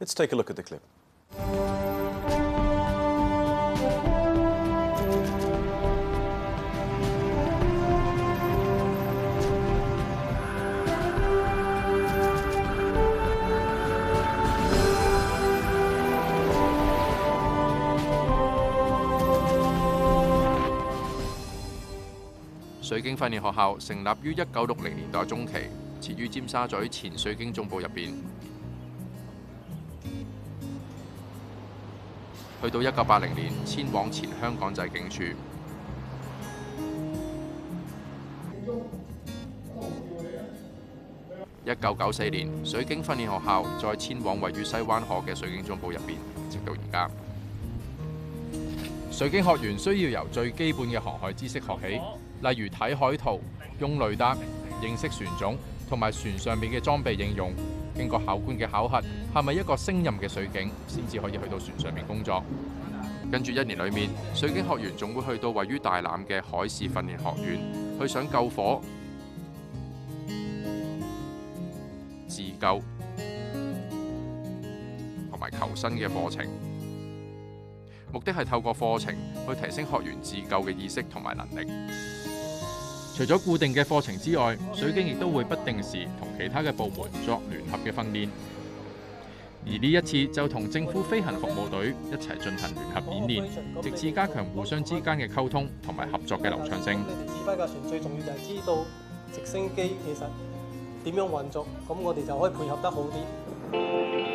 Let's take a look at the clip. 水警訓練學校成立於一九六零年代中期，設於尖沙咀前水警總部入邊。去到一九八零年，遷往前香港仔警署。一九九四年，水警訓練學校再遷往位於西灣河嘅水警總部入邊，直到而家。水警學員需要由最基本嘅航海知識學起，例如睇海圖、用雷達、認識船種同埋船上邊嘅裝備應用。經過考官嘅考核，係咪一個升任嘅水警先至可以去到船上面工作？跟住一年裏面，水警學員總會去到位於大欖嘅海事訓練學院，去上救火、自救同埋求生嘅課程。目的係透過課程去提升學員自救嘅意識同埋能力。除咗固定嘅課程之外，水警亦都會不定時同其他嘅部門作聯合嘅訓練，而呢一次就同政府飛行服務隊一齊進行聯合演練、那個，直至加強互相之間嘅溝通同埋合作嘅流暢性。我哋指揮架船最重要就係知道直升機其實點樣運作，咁我哋就可以配合得好啲。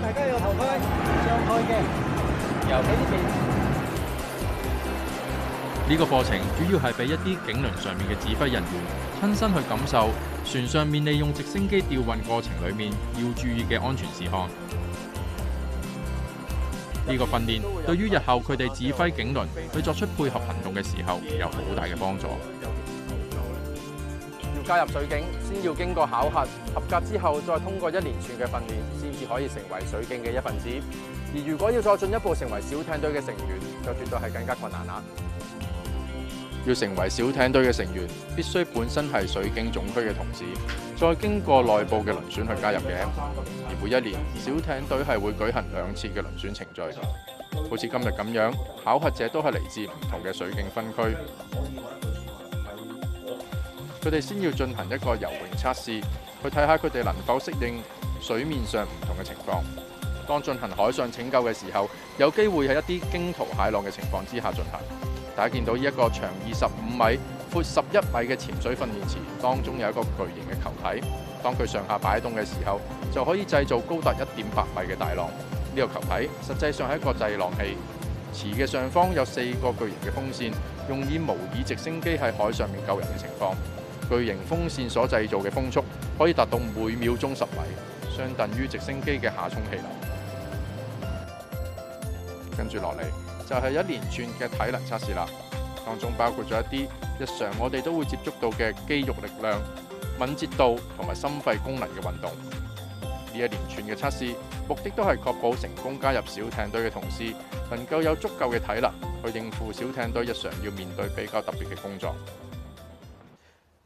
大家有頭盔、上台嘅，由呢邊。呢個課程主要係俾一啲警輪上面嘅指揮人員親身去感受船上面利用直升機調運過程裏面要注意嘅安全事項。呢個訓練對於日後佢哋指揮警輪去作出配合行動嘅時候有好大嘅幫助。加入水警先要經過考核，合格之後再通過一連串嘅訓練，先至可以成為水警嘅一份子。而如果要再進一步成為小艇隊嘅成員，就絕對係更加困難啦。要成為小艇隊嘅成員，必須本身係水警總區嘅同事，再經過內部嘅輪選去加入嘅、M-M-M。而每一年，小艇隊係會舉行兩次嘅輪選程序，好似今日咁樣，考核者都係嚟自唔同嘅水警分區。佢哋先要進行一個游泳測試，去睇下佢哋能否適應水面上唔同嘅情況。當進行海上拯救嘅時候，有機會喺一啲驚濤駭浪嘅情況之下進行。大家見到呢一個長二十五米、闊十一米嘅潛水訓練池，當中有一個巨型嘅球體。當佢上下擺動嘅時候，就可以製造高達一點八米嘅大浪。呢個球體實際上係一個製浪器。池嘅上方有四個巨型嘅風扇，用以模擬直升機喺海上面救人嘅情況。巨型風扇所製造嘅風速可以達到每秒鐘十米，相等於直升機嘅下衝氣流。跟住落嚟就係一連串嘅體能測試啦，當中包括咗一啲日常我哋都會接觸到嘅肌肉力量、敏捷度同埋心肺功能嘅運動。呢一連串嘅測試目的都係確保成功加入小艇隊嘅同事能夠有足夠嘅體能去應付小艇隊日常要面對比較特別嘅工作。